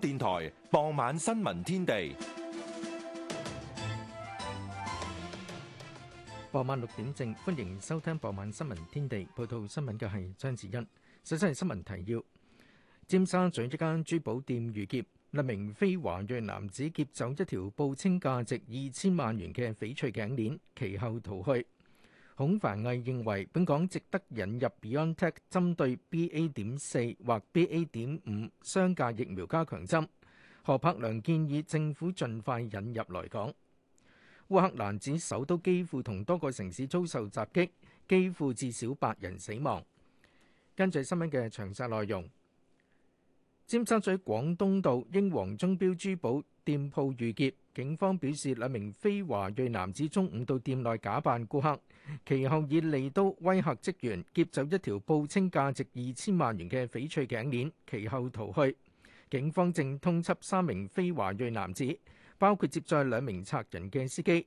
電台傍晚新聞天地，傍晚六點正，歡迎收聽傍晚新聞天地。報道新聞嘅係張子欣。首先係新聞提要：尖沙咀一間珠寶店遇劫，一名非華裔男子劫走一條報稱價值二千萬元嘅翡翠頸鏈，其後逃去。孔繁毅認為，本港值得引入 BioNTech 針對 BA 點四或 BA 點五雙價疫苗加強針。何柏良建議政府盡快引入來港。烏克蘭指首都幾乎同多個城市遭受襲擊，幾乎至少八人死亡。跟住新聞嘅詳細內容，尖沙咀廣東道英皇鐘錶珠寶店鋪遇劫。警方表示，兩名非華裔男子中午到店內假扮顧客，其後以利刀威嚇職員，劫走一條報稱價值二千萬元嘅翡翠頸鏈，其後逃去。警方正通緝三名非華裔男子，包括接載兩名賊人嘅司機。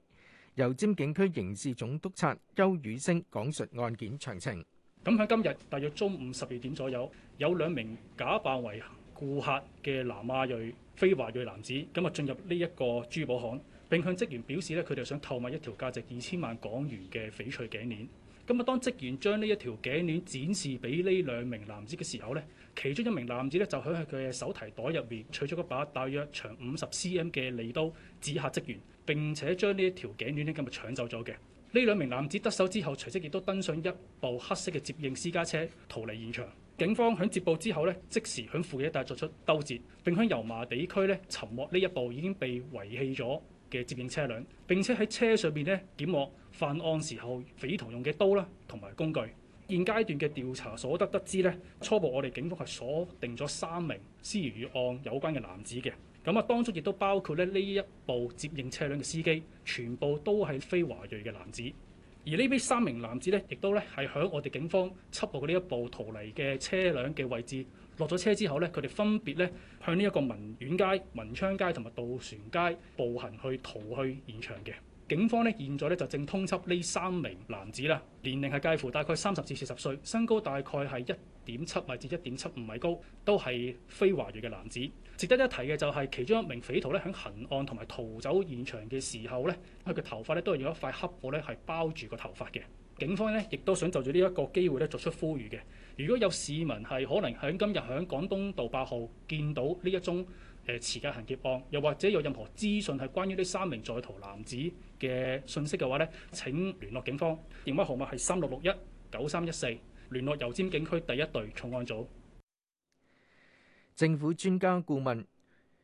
由尖警區刑事總督察邱宇星講述案件詳情。咁喺今日大約中午十二點左右，有兩名假扮為顧客嘅南亞裔非華裔男子咁啊進入呢一個珠寶行，並向職員表示咧佢哋想購買一條價值二千萬港元嘅翡翠頸鏈。咁啊當職員將呢一條頸鏈展示俾呢兩名男子嘅時候咧，其中一名男子咧就喺佢嘅手提袋入面取咗一把大約長五十 CM 嘅利刀，指嚇職員並且將呢一條頸鏈咧咁啊搶走咗嘅。呢兩名男子得手之後，隨即亦都登上一部黑色嘅接應私家車逃離現場。警方喺接報之後呢，即時響附近一帶作出兜截，並向油麻地區呢尋獲呢一部已經被遺棄咗嘅接應車輛，並且喺車上邊呢檢獲犯案時候匪徒用嘅刀啦同埋工具。現階段嘅調查所得得知呢，初步我哋警方係鎖定咗三名涉嫌與案有關嘅男子嘅，咁啊當中亦都包括咧呢一部接應車輛嘅司機，全部都係非華裔嘅男子。而呢啲三名男子咧，亦都咧係響我哋警方緝獲嘅呢一部逃離嘅車輛嘅位置落咗車之後咧，佢哋分別咧向呢一個文苑街、文昌街同埋渡船街步行去逃去現場嘅。警方咧現在咧就正通緝呢三名男子啦，年齡係介乎大概三十至四十歲，身高大概係一點七米至一點七五米高，都係非華裔嘅男子。值得一提嘅就係其中一名匪徒咧，響行案同埋逃走現場嘅時候咧，佢嘅頭髮咧都係用一塊黑布咧係包住個頭髮嘅。警方咧亦都想就住呢一個機會咧作出呼籲嘅。如果有市民係可能響今日響廣東道八號見到呢一宗誒持械行劫案，又或者有任何資訊係關於呢三名在逃男子嘅信息嘅話咧，請聯絡警方電話號碼係三六六一九三一四。聯絡油尖警區第一隊重案組。政府專家顧問，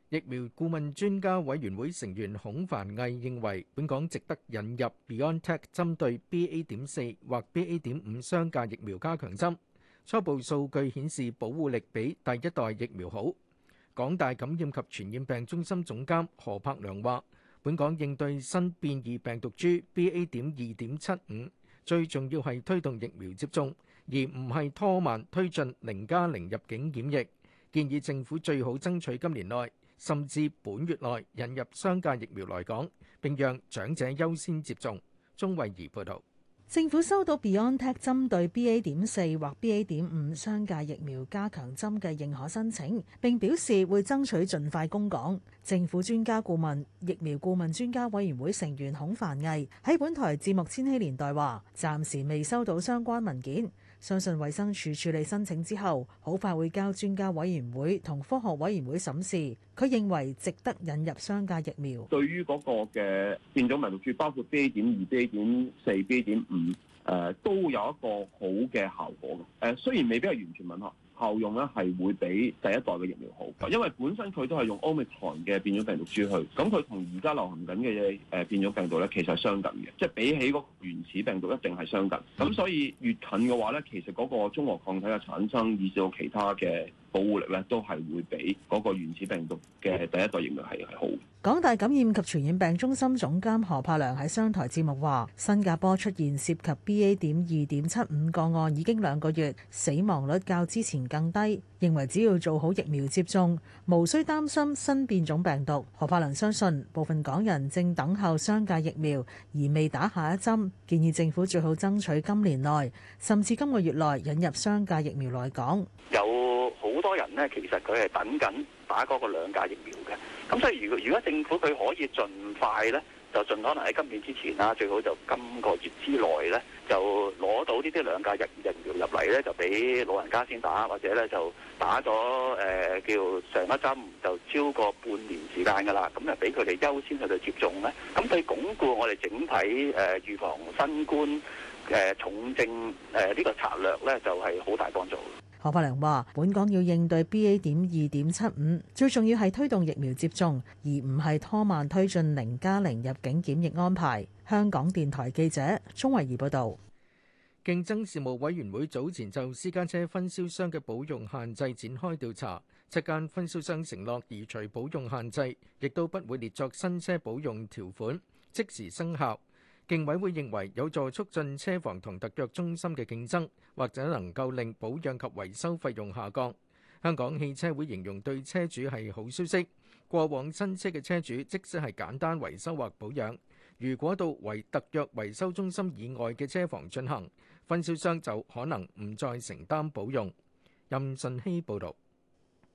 疫苗顧問專家委員會成員孔凡毅認為，本港值得引入 Biontech 針對 B. A. 點四或 B. A. 點五雙價疫苗加強針。初步數據顯示保護力比第一代疫苗好。港大感染及傳染病中心總監何柏良話，本港應對新變異病毒株 B. A. 點二點七五，最重要係推動疫苗接種。而唔係拖慢推進零加零入境檢疫，建議政府最好爭取今年內，甚至本月內引入雙價疫苗來港，並讓長者優先接種。鍾慧儀報導，政府收到 BioNTech 針對 BA 點四或 BA 點五雙價疫苗加強針嘅認可申請，並表示會爭取盡快供港。政府專家顧問、疫苗顧問專家委員會成員孔繁毅喺本台節目《千禧年代》話：暫時未收到相關文件。相信衛生署處理申請之後，好快會交專家委員會同科學委員會審視。佢認為值得引入雙價疫苗，對於嗰個嘅變種病毒，包括 B. 點二、B. 點四、B. 點五，誒，都有一個好嘅效果嘅。誒，雖然未必係完全吻合，效用咧係會比第一代嘅疫苗好。因為本身佢都係用 Omicron 嘅變種病毒株去，咁佢同而家流行緊嘅嘢誒變種病毒咧，其實係相近嘅，即係比起嗰原始病毒一定係相近。咁所以越近嘅話咧，其實嗰個中和抗體嘅產生以至到其他嘅。保護力咧都係會比嗰個原始病毒嘅第一代疫苗係好。港大感染及傳染病中心總監何柏良喺商台節目話：新加坡出現涉及 B A 點二點七五個案已經兩個月，死亡率較之前更低。認為只要做好疫苗接種，無需擔心新變種病毒。何柏良相信部分港人正等候雙價疫苗而未打下一針，建議政府最好爭取今年內甚至今個月內引入雙價疫苗來港。多人咧，其實佢係等緊打嗰個兩價疫苗嘅。咁所以，如果如果政府佢可以盡快咧，就盡可能喺今年之前啦，最好就今個月之內咧，就攞到呢啲兩價疫疫苗入嚟咧，就俾老人家先打，或者咧就打咗誒、呃、叫上一針，就超過半年時間㗎啦。咁就俾佢哋優先去到接種咧。咁對鞏固我哋整體誒、呃、預防新冠誒、呃、重症誒呢、呃呢個策略咧，就係、是、好大幫助。何柏良話：本港要應對 B A 點二點七五，最重要係推動疫苗接種，而唔係拖慢推進零加零入境檢疫安排。香港電台記者鍾慧儀報導。競爭事務委員會早前就私家車分銷商嘅保用限制展開調查，七間分銷商承諾移除保用限制，亦都不會列作新車保用條款，即時生效。競委會認為有助促進車房同特約中心嘅競爭，或者能夠令保養及維修費用下降。香港汽車會形容對車主係好消息。過往新車嘅車主即使係簡單維修或保養，如果到維特約維修中心以外嘅車房進行，分銷商就可能唔再承擔保用。任信希報導。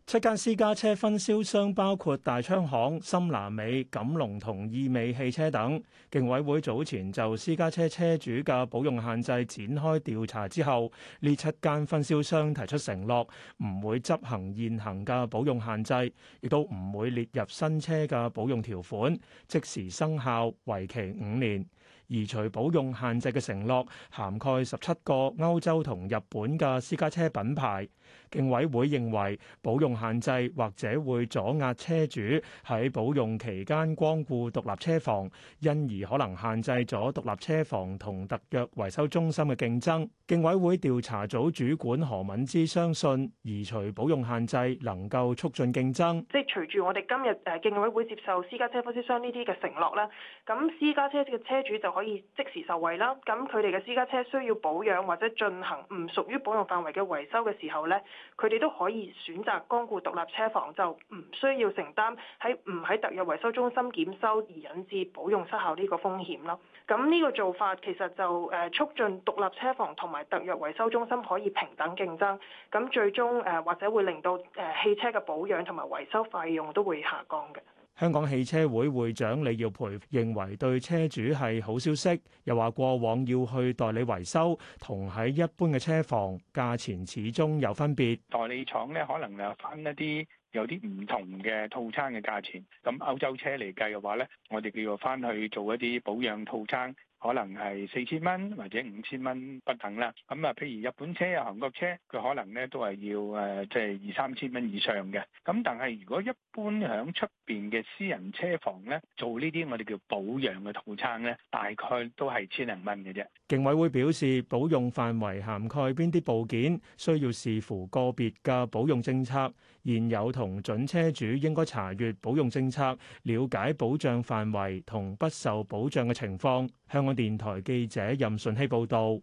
七間私家車分銷商包括大昌行、森那美、錦龍同意美汽車等。競委會早前就私家車車主嘅保用限制展開調查之後，呢七間分銷商提出承諾，唔會執行現行嘅保用限制，亦都唔會列入新車嘅保用條款，即時生效，為期五年。移除保用限制嘅承諾涵蓋十七個歐洲同日本嘅私家車品牌。競委會認為保用限制或者會阻壓車主喺保用期間光顧獨立車房，因而可能限制咗獨立車房同特約維修中心嘅競爭。競委會調查組主管何敏芝相信，移除保用限制能夠促進競爭。即係隨住我哋今日誒競委會接受私家車分銷商呢啲嘅承諾啦，咁私家車嘅車主就。可以即時受惠啦，咁佢哋嘅私家車需要保養或者進行唔屬於保用範圍嘅維修嘅時候，呢佢哋都可以選擇光顧獨立車房，就唔需要承擔喺唔喺特約維修中心檢修而引致保用失效呢個風險咯。咁呢個做法其實就誒促進獨立車房同埋特約維修中心可以平等競爭，咁最終誒或者會令到誒汽車嘅保養同埋維修費用都會下降嘅。香港汽車會會長李耀培認為對車主係好消息，又話過往要去代理維修，同喺一般嘅車房價錢始終有分別。代理廠咧，可能又分一啲有啲唔同嘅套餐嘅價錢。咁歐洲車嚟計嘅話咧，我哋叫做翻去做一啲保養套餐。可能係四千蚊或者五千蚊不等啦。咁啊，譬如日本車、韓國車，佢可能咧都係要誒，即係二三千蚊以上嘅。咁但係如果一般響出面嘅私人車房咧，做呢啲我哋叫保養嘅套餐咧，大概都係千零蚊嘅啫。競委會表示，保用範圍涵蓋邊啲部件，需要視乎個別嘅保用政策。現有同準車主應該查閲保用政策，瞭解保障範圍同不受保障嘅情況。香港電台記者任順希報導。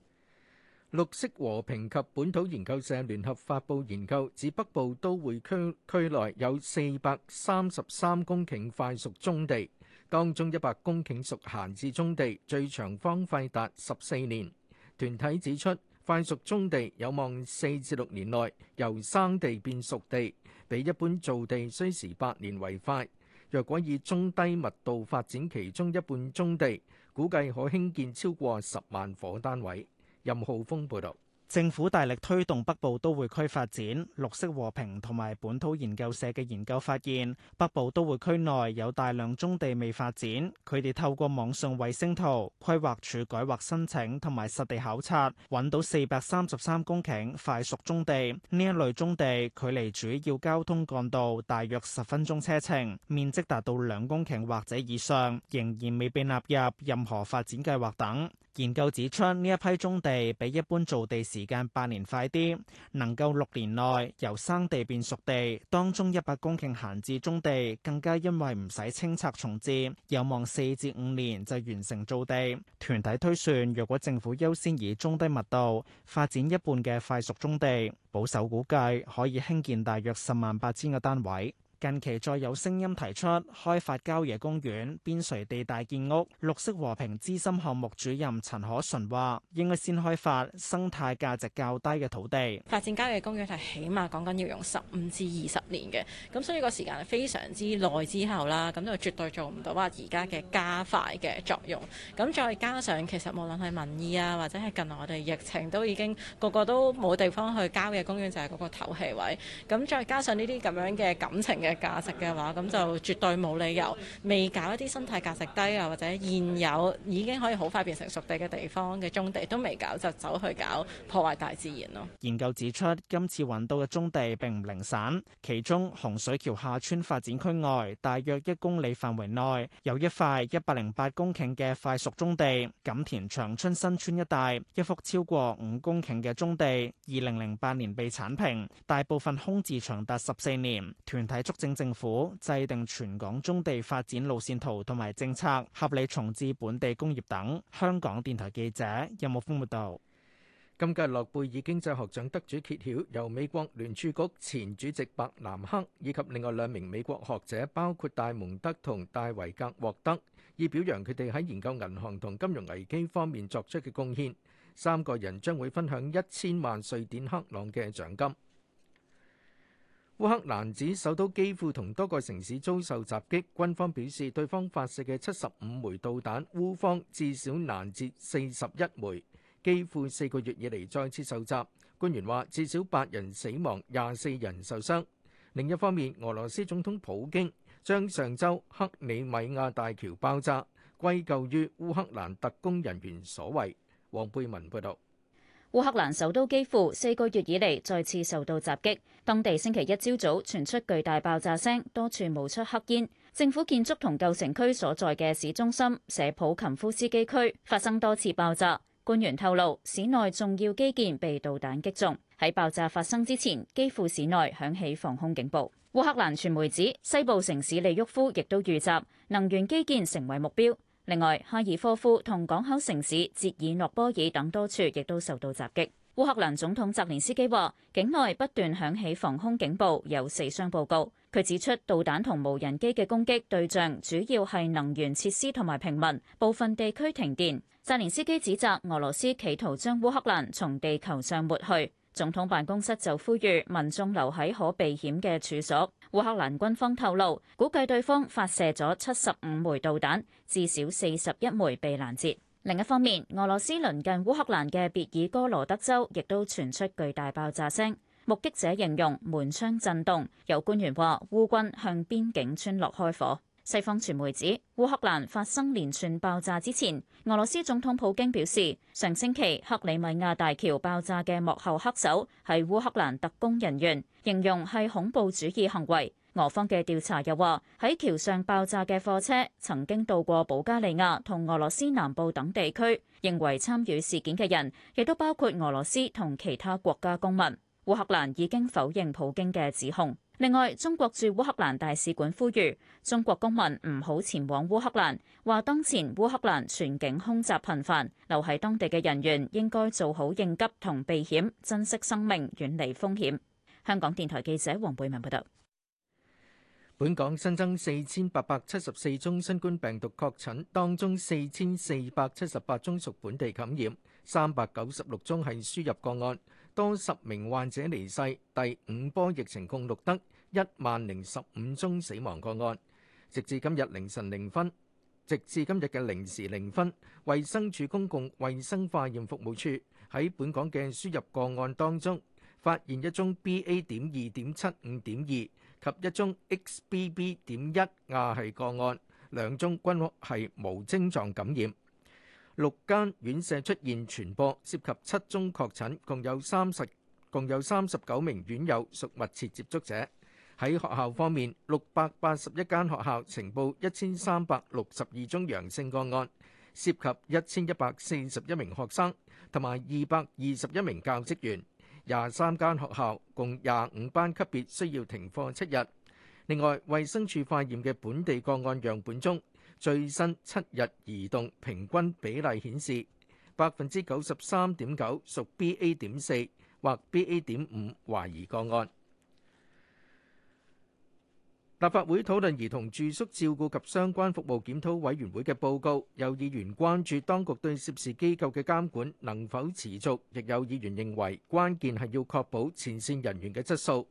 綠色和平及本土研究社聯合發布研究，指北部都會區區內有四百三十三公頃快熟棕地，當中一百公頃屬閒置棕地，最長荒廢達十四年。團體指出，快熟中地有望四至六年內由生地變熟地，比一般造地需時八年為快。若果以中低密度發展其中一半中地，估計可興建超過十萬伙單位。任浩峰報道。政府大力推動北部都會區發展。綠色和平同埋本土研究社嘅研究發現，北部都會區內有大量棕地未發展。佢哋透過網上衛星圖、規劃署改劃申請同埋實地考察，揾到四百三十三公頃快熟棕地。呢一類棕地，距離主要交通幹道大約十分鐘車程，面積達到兩公頃或者以上，仍然未被納入任何發展計劃等。研究指出，呢一批棕地比一般造地時間八年快啲，能夠六年內由生地變熟地。當中一百公頃閒置棕地，更加因為唔使清拆重置，有望四至五年就完成造地。團體推算，若果政府優先以中低密度發展一半嘅快熟棕地，保守估計可以興建大約十萬八千個單位。近期再有聲音提出開發郊野公園，邊陲地帶建屋。綠色和平資深項目主任陳可純話：應該先開發生態價值較低嘅土地。發展郊野公園係起碼講緊要用十五至二十年嘅，咁所以個時間係非常之耐之後啦，咁就絕對做唔到話而家嘅加快嘅作用。咁再加上其實無論係民意啊，或者係近來我哋疫情都已經個個都冇地方去郊野公園，就係嗰個唞氣位。咁再加上呢啲咁樣嘅感情嘅。價值嘅話，咁就絕對冇理由未搞一啲生態價值低啊，或者現有已經可以好快變成熟地嘅地方嘅宗地都未搞，就走去搞破壞大自然咯。研究指出，今次揾到嘅宗地並唔零散，其中洪水橋下村發展區外，大約一公里範圍內有一塊一百零八公頃嘅快熟宗地，錦田長春新村一帶一幅超過五公頃嘅宗地，二零零八年被鏟平，大部分空置長達十四年，團體，足政府制定全港中地發展路線圖同埋政策，合理重置本地工業等。香港電台記者任木峰報道。今屆諾貝爾經濟學獎得主揭曉，由美國聯儲局前主席伯南克以及另外兩名美國學者，包括戴蒙德同戴維格獲得，以表揚佢哋喺研究銀行同金融危機方面作出嘅貢獻。三個人將會分享一千萬瑞典克朗嘅獎金。烏克蘭指首都基輔同多個城市遭受襲擊，軍方表示對方發射嘅七十五枚導彈，烏方至少攔截四十一枚。基輔四個月以嚟再次受襲，官員話至少八人死亡，廿四人受傷。另一方面，俄羅斯總統普京將上週克里米亞大橋爆炸歸咎於烏克蘭特工人員所為。黃佩文報導。烏克蘭首都基輔四個月以嚟再次受到襲擊，當地星期一朝早傳出巨大爆炸聲，多處冒出黑煙。政府建築同舊城區所在嘅市中心舍普琴夫斯基區發生多次爆炸。官員透露，市內重要基建被導彈擊中。喺爆炸發生之前，基輔市內響起防空警報。烏克蘭傳媒指，西部城市利沃夫亦都遇襲，能源基建成為目標。另外，哈爾科夫同港口城市捷爾諾波爾等多處亦都受到襲擊。烏克蘭總統澤連斯基話，境內不斷響起防空警報，有死傷報告。佢指出，導彈同無人機嘅攻擊對象主要係能源設施同埋平民，部分地區停電。澤連斯基指責俄羅斯企圖將烏克蘭從地球上抹去。總統辦公室就呼籲民眾留喺可避險嘅處所。烏克蘭軍方透露，估計對方發射咗七十五枚導彈，至少四十一枚被攔截。另一方面，俄羅斯鄰近烏克蘭嘅別爾哥羅德州亦都傳出巨大爆炸聲，目擊者形容門窗震動，有官員話烏軍向邊境村落開火。西方傳媒指，烏克蘭發生連串爆炸之前，俄羅斯總統普京表示，上星期克里米亞大橋爆炸嘅幕後黑手係烏克蘭特工人員，形容係恐怖主義行為。俄方嘅調查又話，喺橋上爆炸嘅貨車曾經到過保加利亞同俄羅斯南部等地區，認為參與事件嘅人亦都包括俄羅斯同其他國家公民。烏克蘭已經否認普京嘅指控。另外，中國駐烏克蘭大使館呼籲中國公民唔好前往烏克蘭，話當前烏克蘭全境空襲頻繁，留喺當地嘅人員應該做好應急同避險，珍惜生命，遠離風險。香港電台記者黃貝文報道。本港新增四千八百七十四宗新冠病毒確診，當中四千四百七十八宗屬本地感染，三百九十六宗係輸入個案。多十名患者離世，第五波疫情共錄得一萬零十五宗死亡個案。直至今日凌晨零分，直至今日嘅零時零分，衛生署公共衞生化驗服務處喺本港嘅輸入個案當中，發現一宗 B.A. 點二點七五點二及一宗 X.B.B. 點一亞系個案，兩宗均係無症狀感染。六間院舍出現傳播，涉及七宗確診，共有三十共有三十九名院友屬密切接觸者。喺學校方面，六百八十一間學校呈報一千三百六十二宗陽性個案，涉及一千一百四十一名學生同埋二百二十一名教職員。廿三間學校共廿五班級別需要停課七日。另外，衛生署化驗嘅本地個案樣本中，最新七日移動平均比例顯示，百分之九十三點九屬 BA 點四或 BA 點五懷疑個案。立法會討論兒童住宿照顧及相關服務檢討委員會嘅報告，有議員關注當局對涉事機構嘅監管能否持續，亦有議員認為關鍵係要確保前線人員嘅質素。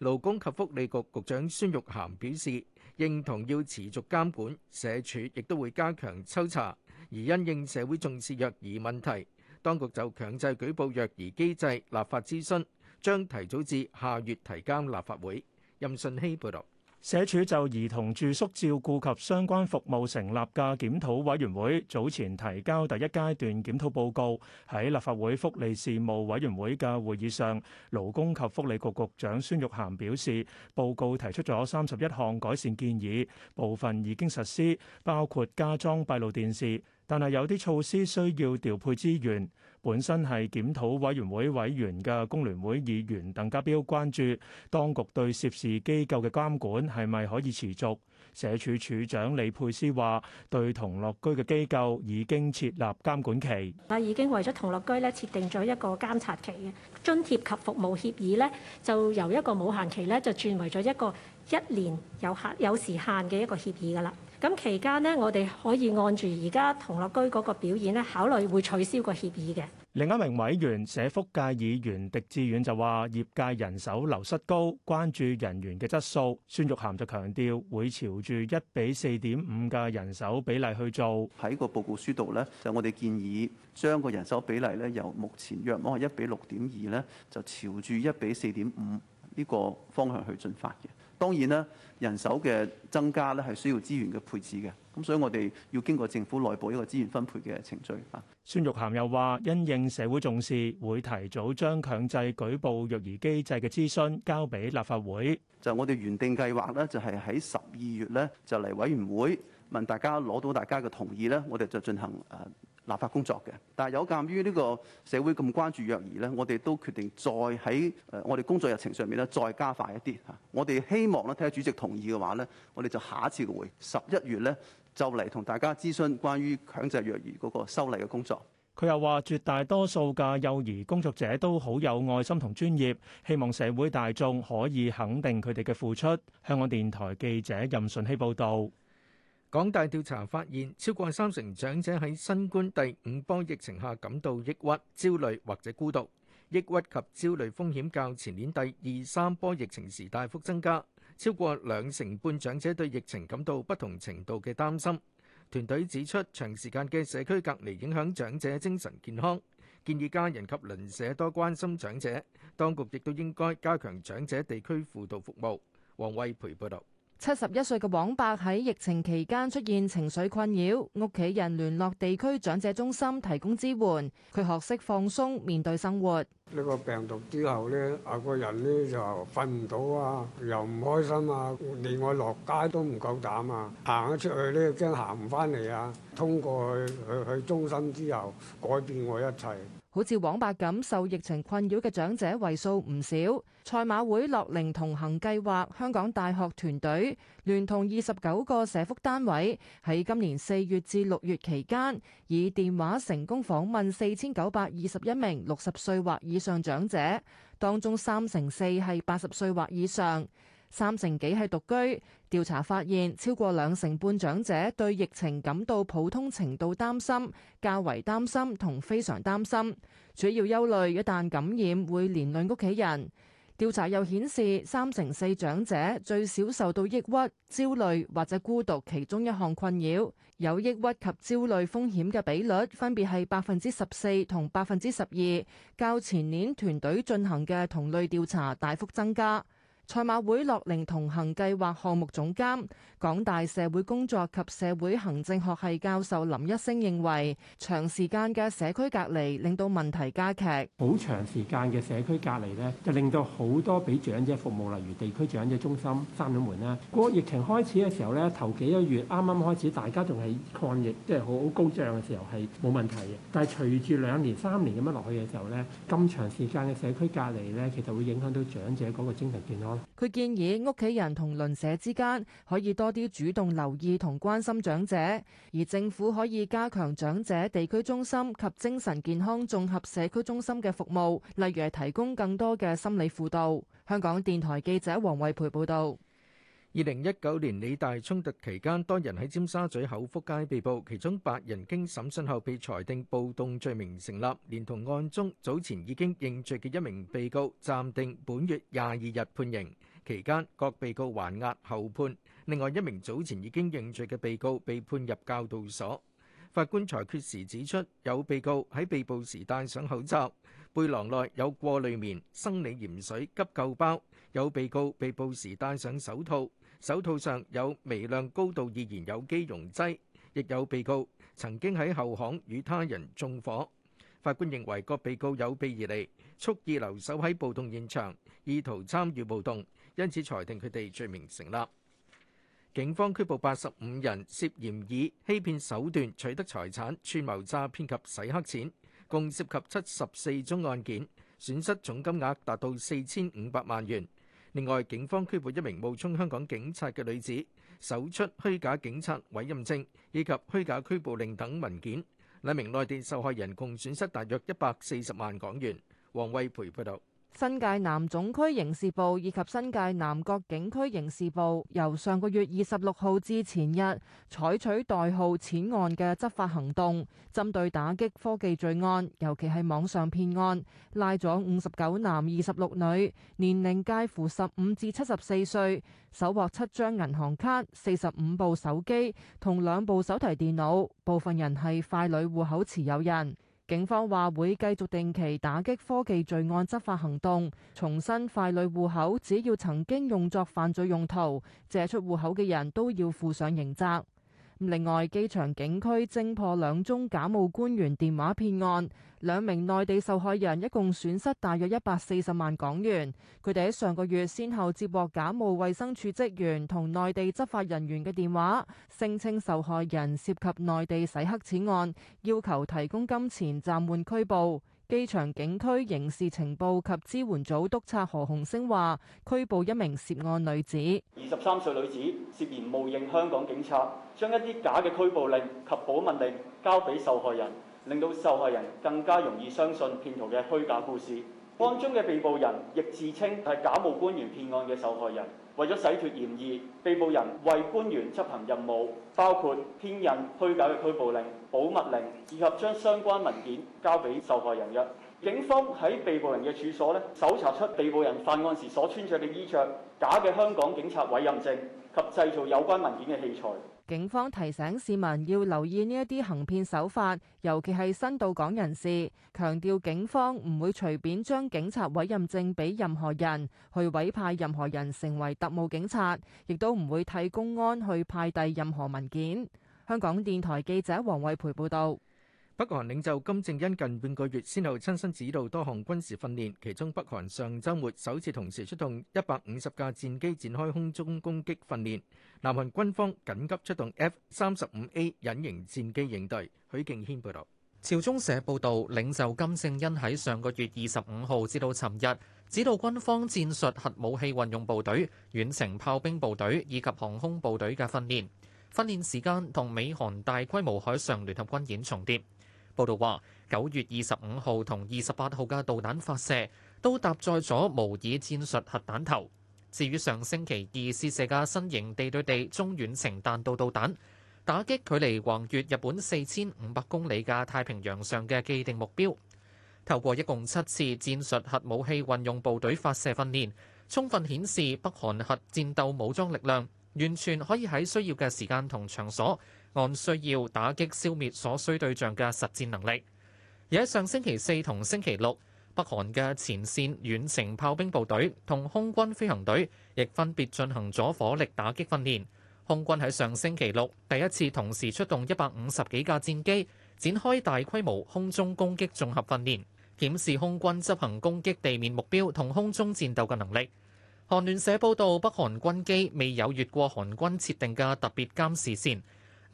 勞工及福利局局長孫玉菡表示，認同要持續監管，社署亦都會加強抽查。而因應社會重視虐兒問題，當局就強制舉報虐兒機制立法諮詢，將提早至下月提交立法會。任信希報導。社署就兒童住宿照顧及相關服務成立嘅檢討委員會，早前提交第一階段檢討報告，喺立法會福利事務委員會嘅會議上，勞工及福利局局長孫玉菡表示，報告提出咗三十一項改善建議，部分已經實施，包括加裝閉路電視。但係有啲措施需要調配資源。本身係檢討委員會委員嘅工聯會議員鄧家彪關注，當局對涉事機構嘅監管係咪可以持續？社署署長李佩斯話，對同樂居嘅機構已經設立監管期。啊，已經為咗同樂居咧設定咗一個監察期津貼及服務協議咧，就由一個冇限期咧就轉為咗一個一年有限、有時限嘅一個協議噶啦。咁期間呢，我哋可以按住而家同樂居嗰個表演咧，考慮會取消個協議嘅。另一名委員社福界議員狄志遠就話：業界人手流失高，關注人員嘅質素。孫玉菡就強調會朝住一比四點五嘅人手比例去做。喺個報告書度呢，就我哋建議將個人手比例咧由目前約莫係一比六點二呢，就朝住一比四點五呢個方向去進發嘅。當然啦，人手嘅增加咧係需要資源嘅配置嘅，咁所以我哋要經過政府內部一個資源分配嘅程序啊。孫玉菡又話：因應社會重視，會提早將強制舉報育兒機制嘅諮詢交俾立法會。就我哋原定計劃咧，就係喺十二月咧就嚟委員會問大家攞到大家嘅同意咧，我哋就進行誒。呃立法工作嘅，但係有鑒於呢個社會咁關注弱兒咧，我哋都決定再喺誒我哋工作日程上面咧再加快一啲吓，我哋希望咧，睇下主席同意嘅話咧，我哋就下一次嘅會十一月咧就嚟同大家諮詢關於強制弱兒嗰個修例嘅工作。佢又話絕大多數嘅幼兒工作者都好有愛心同專業，希望社會大眾可以肯定佢哋嘅付出。香港電台記者任順希報道。港大調查發現，超過三成長者喺新冠第五波疫情下感到抑鬱、焦慮或者孤獨，抑鬱及焦慮風險較前年第二、三波疫情時大幅增加。超過兩成半長者對疫情感到不同程度嘅擔心。團隊指出，長時間嘅社區隔離影響長者精神健康，建議家人及鄰舍多關心長者。當局亦都應該加強長者地區輔導服務。王慧培報導。七十一歲嘅黃伯喺疫情期間出現情緒困擾，屋企人聯絡地區長者中心提供支援。佢學識放鬆面對生活。呢個病毒之後呢，啊個人呢就瞓唔到啊，又唔開心啊，連我落街都唔夠膽啊，行咗出去呢，驚行唔翻嚟啊。通過去去去中心之後，改變我一切。好似王伯咁受疫情困擾嘅長者為數唔少，賽馬會樂齡同行計劃、香港大學團隊聯同二十九個社福單位喺今年四月至六月期間，以電話成功訪問四千九百二十一名六十歲或以上長者，當中三成四係八十歲或以上，三成幾係獨居。調查發現，超過兩成半長者對疫情感到普通程度擔心，較為擔心同非常擔心，主要憂慮一旦感染會連累屋企人。調查又顯示，三成四長者最少受到抑鬱、焦慮或者孤獨其中一項困擾，有抑鬱及焦慮風險嘅比率分別係百分之十四同百分之十二，較前年團隊進行嘅同類調查大幅增加。賽馬會樂齡同行計劃項目總監、港大社會工作及社會行政學系教授林一星認為，長時間嘅社區隔離令到問題加劇。好長時間嘅社區隔離呢，就令到好多俾長者服務，例如地區長者中心，閂咗門啦。嗰個疫情開始嘅時候呢，頭幾個月啱啱開始，大家仲係抗疫，即係好高漲嘅時候係冇問題嘅。但係隨住兩年、三年咁樣落去嘅時候呢，咁長時間嘅社區隔離呢，其實會影響到長者嗰個精神健康。佢建議屋企人同鄰舍之間可以多啲主動留意同關心長者，而政府可以加強長者地區中心及精神健康綜合社區中心嘅服務，例如提供更多嘅心理輔導。香港電台記者黃慧培報導。二零一九年理大衝突期間，多人喺尖沙咀厚福街被捕，其中八人經審訊後被裁定暴動罪名成立，連同案中早前已經認罪嘅一名被告，暫定本月廿二日判刑。期間各被告還押候判。另外一名早前已經認罪嘅被告被判入教導所。法官裁決時指出，有被告喺被捕時戴上口罩，背囊內有過濾棉、生理鹽水、急救包；有被告被捕時戴上手套。手套上有微量高度易燃有機溶劑，亦有被告曾經喺後巷與他人縱火。法官認為各被告有備而嚟，蓄意留守喺暴動現場，意圖參與暴動，因此裁定佢哋罪名成立。警方拘捕八十五人，涉嫌以欺騙手段取得財產、串謀詐騙及洗黑錢，共涉及七十四宗案件，損失總金額達到四千五百萬元。另外，警方拘捕一名冒充香港警察嘅女子，搜出虛假警察委任證以及虛假拘捕令等文件，兩名內地受害人共損失大約一百四十萬港元。王惠培報道。新界南總區刑事部以及新界南各警區刑事部，由上個月二十六號至前日，採取代號「淺案」嘅執法行動，針對打擊科技罪案，尤其係網上騙案，拉咗五十九男二十六女，年齡介乎十五至七十四歲，搜獲七張銀行卡、四十五部手機同兩部手提電腦，部分人係傀儡戶口持有人。警方話會繼續定期打擊科技罪案執法行動，重申傀儡戶口，只要曾經用作犯罪用途，借出戶口嘅人都要負上刑責。另外，機場警區偵破兩宗假冒官員電話騙案，兩名內地受害人一共損失大約一百四十萬港元。佢哋喺上個月先後接獲假冒衛生署職員同內地執法人員嘅電話，聲稱受害人涉及內地洗黑錢案，要求提供金錢暫緩拘捕。機場警區刑事情報及支援組督察何鴻升話：拘捕一名涉案女子，二十三歲女子涉嫌冒認香港警察，將一啲假嘅拘捕令及保密令交俾受害人，令到受害人更加容易相信騙徒嘅虛假故事。案中嘅被捕人亦自稱係假冒官員騙案嘅受害人，為咗洗脫嫌疑，被捕人為官員執行任務，包括編印、虛假嘅拘捕令、保密令，以及將相關文件交俾受害人。嘅警方喺被捕人嘅處所咧，搜查出被捕人犯案時所穿著嘅衣着、假嘅香港警察委任證及製造有關文件嘅器材。警方提醒市民要留意呢一啲行騙手法，尤其係新到港人士，強調警方唔會隨便將警察委任證俾任何人，去委派任何人成為特務警察，亦都唔會替公安去派遞任何文件。香港電台記者黃慧培報道。北韓領袖金正恩近半個月先後親身指導多項軍事訓練，其中北韓上週末首次同時出動一百五十架戰機，展開空中攻擊訓練。南韓軍方緊急出動 F 三十五 A 隱形戰機應對。許敬軒報導。朝中社報導，領袖金正恩喺上個月二十五號至到尋日指導軍方戰術核武器運用部隊、遠程炮兵部隊以及航空部隊嘅訓練。訓練時間同美韓大規模海上聯合軍演重疊。報道話，九月二十五號同二十八號嘅導彈發射都搭載咗模擬戰術核彈頭。至於上星期二試射嘅新型地對地中遠程彈道導彈，打擊距離橫越日本四千五百公里嘅太平洋上嘅既定目標。透過一共七次戰術核武器運用部隊發射訓練，充分顯示北韓核戰鬥武裝力量完全可以喺需要嘅時間同場所。按需要打擊消滅所需對象嘅實戰能力。而喺上星期四同星期六，北韓嘅前線遠程炮兵部隊同空軍飛行隊亦分別進行咗火力打擊訓練，空軍喺上星期六第一次同時出動一百五十幾架戰機展開大規模空中攻擊綜合訓練，檢視空軍執行攻擊地面目標同空中戰鬥嘅能力。韓聯社報道，北韓軍機未有越過韓軍設定嘅特別監視線。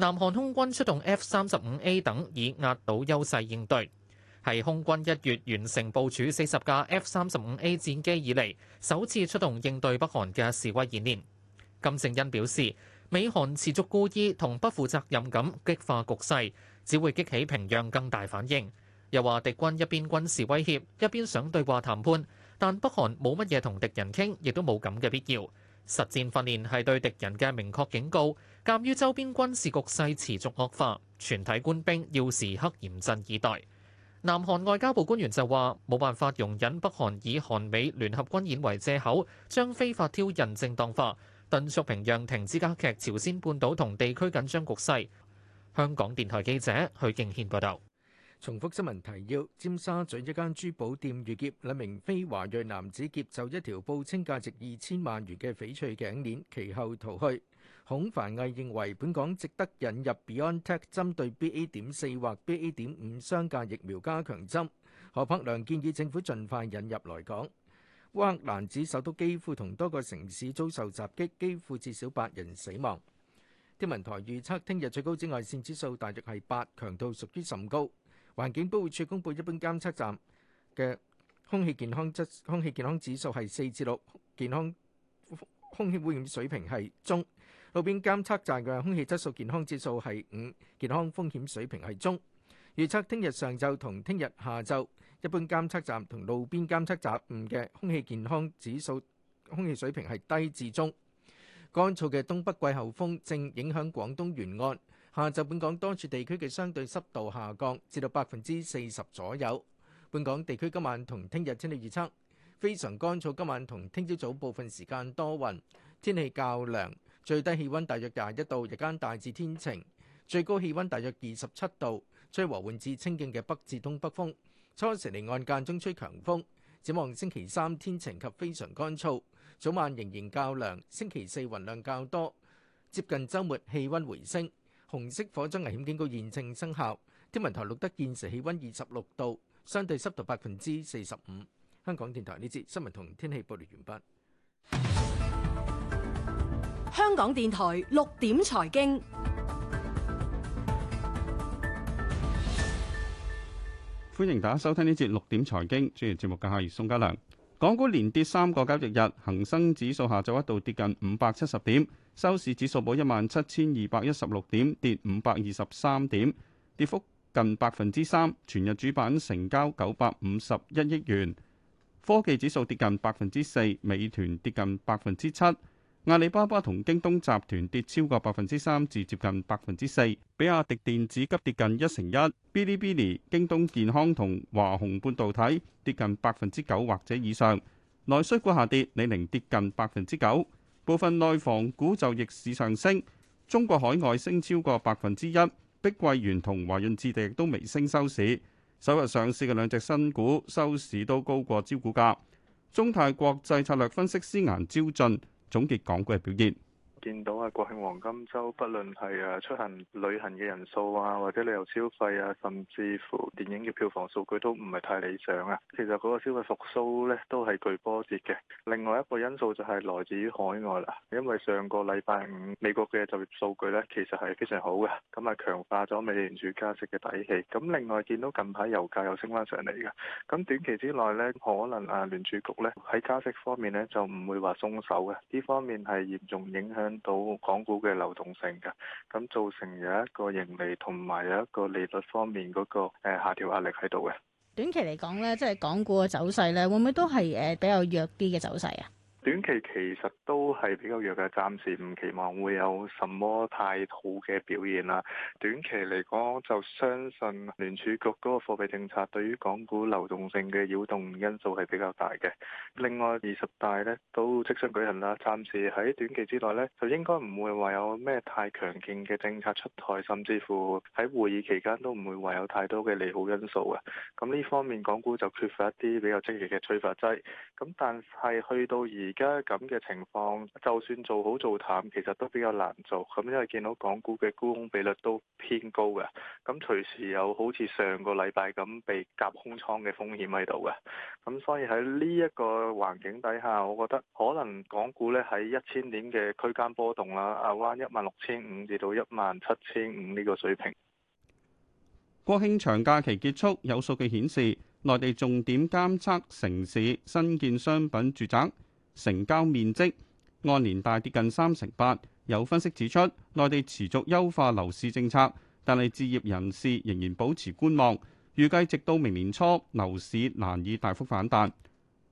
南韓空軍出動 F 三十五 A 等以壓倒優勢應對，係空軍一月完成部署四十架 F 三十五 A 戰機以嚟首次出動應對北韓嘅示威演練。金正恩表示，美韓持續故意同不負責任咁激化局勢，只會激起平壤更大反應。又話敵軍一邊軍事威脅，一邊想對話談判，但北韓冇乜嘢同敵人傾，亦都冇咁嘅必要。實戰訓練係對敵人嘅明確警告，鑑於周邊軍事局勢持續惡化，全體官兵要時刻嚴陣以待。南韓外交部官員就話：冇辦法容忍北韓以韓美聯合軍演為借口，將非法挑釁正當化，鄧淑平讓停止加劇朝鮮半島同地區緊張局勢。香港電台記者許敬軒報道。重複新聞提要：尖沙咀一間珠寶店遇劫，兩名非華裔男子劫走一條報稱價值二千萬元嘅翡翠頸鏈，其後逃去。孔凡毅認為本港值得引入 BioNTech 針對 BA.4 或 BA.5 雙價疫苗加強針。何柏良建議政府盡快引入來港。烏克蘭指首都基輔同多個城市遭受襲擊，基輔至少八人死亡。天文台預測聽日最高紫外線指數大約係八，強度屬於甚高。環境保護署公佈一般監測站嘅空氣健康質，空氣健康指數係四至六，健康空氣污染水平係中；路邊監測站嘅空氣質素健康指數係五，健康風險水平係中。預測聽日上晝同聽日下晝，一般監測站同路邊監測站嘅空氣健康指數，空氣水平係低至中。乾燥嘅東北季候風正影響廣東沿岸。下晝，本港多處地區嘅相對濕度下降，至到百分之四十左右。本港地區今晚同聽日天氣預測非常乾燥。今晚同聽朝早部分時間多雲，天氣較涼，最低氣溫大約廿一度，日間大致天晴，最高氣溫大約二十七度，吹和緩至清勁嘅北至東北風。初時離岸間中吹強風。展望星期三天晴及非常乾燥，早晚仍然較涼。星期四雲量較多，接近周末氣溫回升。紅色火災危險警告現正生效。天文台錄得現時氣溫二十六度，相對濕度百分之四十五。香港電台呢節新聞同天氣報道完畢。香港電台六點財經，歡迎大家收聽呢節六點財經。主持節目嘅係宋家良。港股連跌三個交易日，恒生指數下晝一度跌近五百七十點，收市指數報一萬七千二百一十六點，跌五百二十三點，跌幅近百分之三。全日主板成交九百五十一億元，科技指數跌近百分之四，美團跌近百分之七。阿里巴巴同京東集團跌超過百分之三至接近百分之四，比亞迪電子急跌近一成一。嗶哩嗶哩、京東健康同華虹半導體跌近百分之九或者以上。內需股下跌，李寧跌近百分之九。部分內房股就逆市上升，中國海外升超過百分之一。碧桂園同華潤置地亦都微升收市。首日上市嘅兩隻新股收市都高過招股價。中泰國際策略分析師顏招俊總結港股嘅表現。見到啊，國慶黃金週，不論係啊出行旅行嘅人數啊，或者旅遊消費啊，甚至乎電影嘅票房數據都唔係太理想啊。其實嗰個消費復甦咧都係巨波折嘅。另外一個因素就係來自於海外啦，因為上個禮拜五美國嘅就業數據咧其實係非常好嘅，咁啊強化咗美聯儲加息嘅底氣。咁另外見到近排油價又升翻上嚟嘅，咁短期之內咧可能啊聯儲局咧喺加息方面咧就唔會話鬆手嘅，呢方面係嚴重影響到港股嘅流動性嘅，咁造成有一個盈利同埋有一個利率方面嗰個誒下調壓力喺度嘅。短期嚟講咧，即係港股嘅走勢咧，會唔會都係誒比較弱啲嘅走勢啊？短期其實都係比較弱嘅，暫時唔期望會有什麼太好嘅表現啦。短期嚟講就相信聯儲局嗰個貨幣政策對於港股流動性嘅擾動因素係比較大嘅。另外二十大呢都即將舉行啦，暫時喺短期之內呢，就應該唔會話有咩太強勁嘅政策出台，甚至乎喺會議期間都唔會話有太多嘅利好因素呀。咁呢方面港股就缺乏一啲比較積極嘅催化劑。咁但係去到二而家咁嘅情況，就算做好做淡，其實都比較難做。咁因為見到港股嘅沽空比率都偏高嘅，咁隨時有好似上個禮拜咁被夾空倉嘅風險喺度嘅。咁所以喺呢一個環境底下，我覺得可能港股咧喺一千點嘅區間波動啦，啊，彎一萬六千五至到一萬七千五呢個水平。國慶長假期結束，有數據顯示，內地重點監測城市新建商品住宅。成交面積按年大跌近三成八，有分析指出，內地持續優化樓市政策，但係置業人士仍然保持觀望，預計直到明年初，樓市難以大幅反彈，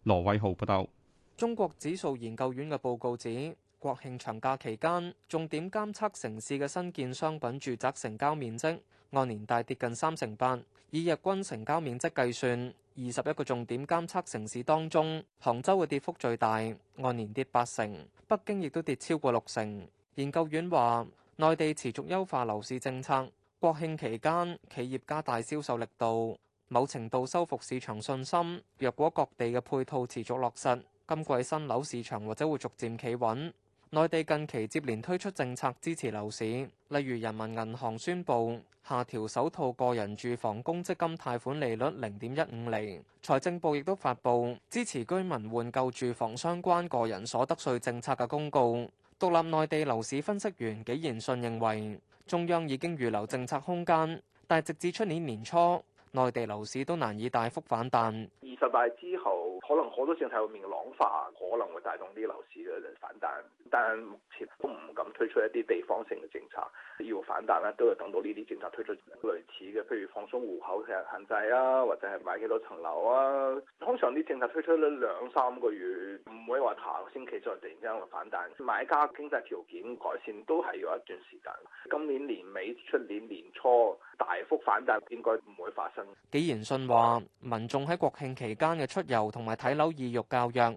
羅偉豪報道。中國指數研究院嘅報告指，國慶長假期間，重點監測城市嘅新建商品住宅成交面積按年大跌近三成八，以日均成交面積計算。二十一個重點監測城市當中，杭州嘅跌幅最大，按年跌八成；北京亦都跌超過六成。研究院話，內地持續優化樓市政策，國慶期間企業加大銷售力度，某程度修復市場信心。若果各地嘅配套持續落實，今季新樓市場或者會逐漸企穩。內地近期接連推出政策支持樓市，例如人民銀行宣布下調首套個人住房公積金貸款利率零點一五厘。財政部亦都發布支持居民換購住房相關個人所得稅政策嘅公告。獨立內地樓市分析員紀賢信認為，中央已經預留政策空間，但直至出年年初，內地樓市都難以大幅反彈。二十大之後，可能好多政策面明朗化，可能會帶動啲樓市嘅反彈。但目前都唔敢推出一啲地方性嘅政策，要反彈咧，都要等到呢啲政策推出類似嘅，譬如放鬆戶口嘅限制啊，或者係買幾多層樓啊。通常啲政策推出咗兩三個月，唔會話下個星期再突然之間反彈。買家經濟條件改善都係要一段時間。今年年尾出年年初大幅反彈應該唔會發生。紀賢信話：民眾喺國慶期間嘅出遊同埋睇樓意欲較弱。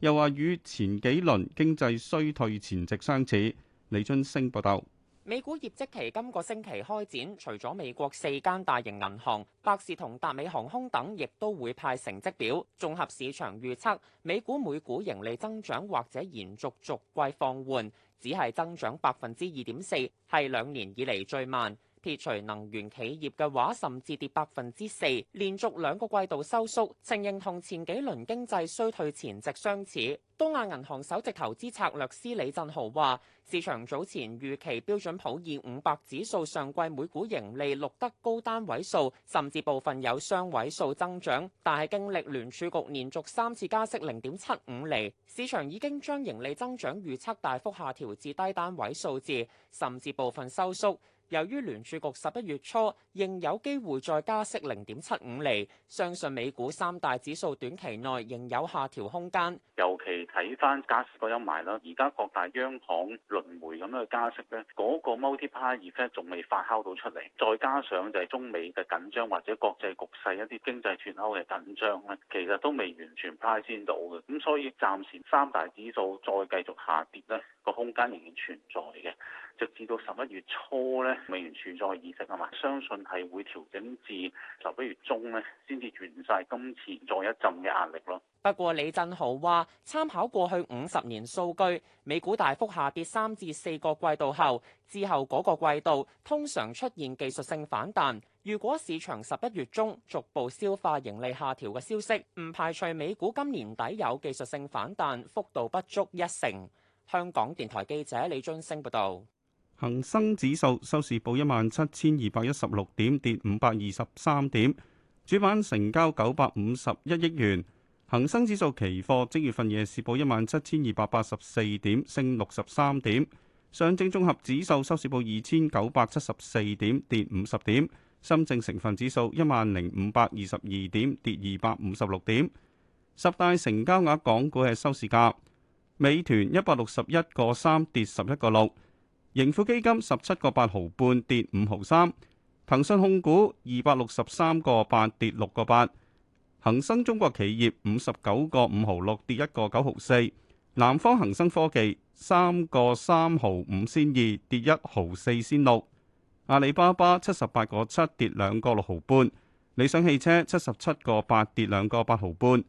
又話與前幾輪經濟衰退前夕相似。李春星報道，美股業績期今個星期開展，除咗美國四間大型銀行、百事同達美航空等，亦都會派成績表。綜合市場預測，美股每股盈利增長或者延續逐季放緩，只係增長百分之二點四，係兩年以嚟最慢。撇除能源企業嘅話，甚至跌百分之四，連續兩個季度收縮，情形同前幾輪經濟衰退前夕相似。東亞銀行首席投資策略師李振豪話，市場早前預期標準普爾五百指數上季每股盈利錄得高單位數，甚至部分有雙位數增長，但係經歷聯儲局連續三次加息零點七五厘，市場已經將盈利增長預測大幅下調至低單位數字，甚至部分收縮。由於聯儲局十一月初仍有機會再加息零點七五厘，相信美股三大指數短期內仍有下調空間。尤其睇翻加息嗰陰霾啦，而家各大央行輪迴咁樣加息呢，嗰、嗰個 multiplier effect 仲未發酵到出嚟。再加上就係中美嘅緊張或者國際局勢一啲經濟斷鈎嘅緊張咧，其實都未完全 price in 到嘅。咁所以暫時三大指數再繼續下跌咧，個空間仍然存在嘅。直至到十一月初咧，未完全意識啊嘛？相信係會調整至十一月中咧，先至完晒今次再一陣嘅壓力咯。不過李振豪話，參考過去五十年數據，美股大幅下跌三至四個季度後，之後嗰個季度通常出現技術性反彈，如果市場十一月中逐步消化盈利下調嘅消息，唔排除美股今年底有技術性反彈，幅度不足一成。香港電台記者李津升報道。恒生指數收市報一萬七千二百一十六點，跌五百二十三點，主板成交九百五十一億元。恒生指數期貨即月份夜市報一萬七千二百八十四點，升六十三點。上證綜合指數收市報二千九百七十四點，跌五十點。深證成分指數一萬零五百二十二點，跌二百五十六點。十大成交額港股嘅收市價，美團一百六十一個三跌十一個六。盈富基金十七個八毫半跌五毫三，騰訊控股二百六十三個八跌六個八，恒生中國企業五十九個五毫六跌一個九毫四，南方恒生科技三個三毫五先二跌一毫四先六，阿里巴巴七十八個七跌兩個六毫半，理想汽車七十七個八跌兩個八毫半，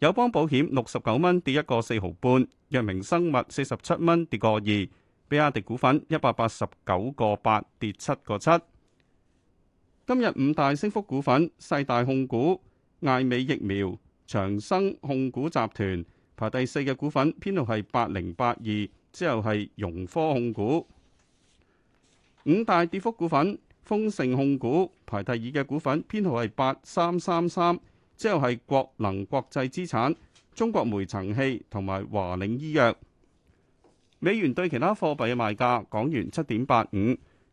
友邦保險六十九蚊跌一個四毫半，藥明生物四十七蚊跌個二。比亞迪股份一百八十九個八跌七個七。今日五大升幅股份：世大控股、艾美疫苗、長生控股集團。排第四嘅股份編號係八零八二，之後係融科控股。五大跌幅股份：豐盛控股，排第二嘅股份編號係八三三三，之後係國能國際資產、中國煤層氣同埋華領醫藥。美元兌其他貨幣嘅賣價：港元七點八五，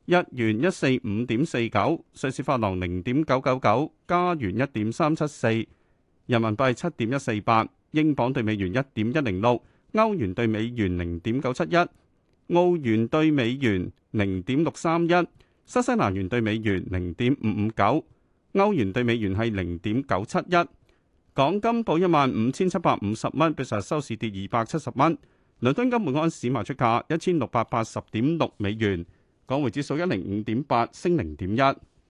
日元一四五點四九，瑞士法郎零點九九九，加元一點三七四，人民幣七點一四八，英鎊對美元一點一零六，歐元對美元零點九七一，澳元對美元零點六三一，新西蘭元對美元零點五五九，歐元對美元係零點九七一。港金報一萬五千七百五十蚊，比上日收市跌二百七十蚊。倫敦金每盎司賣出價一千六百八十點六美元，港匯指數一零五點八升零點一。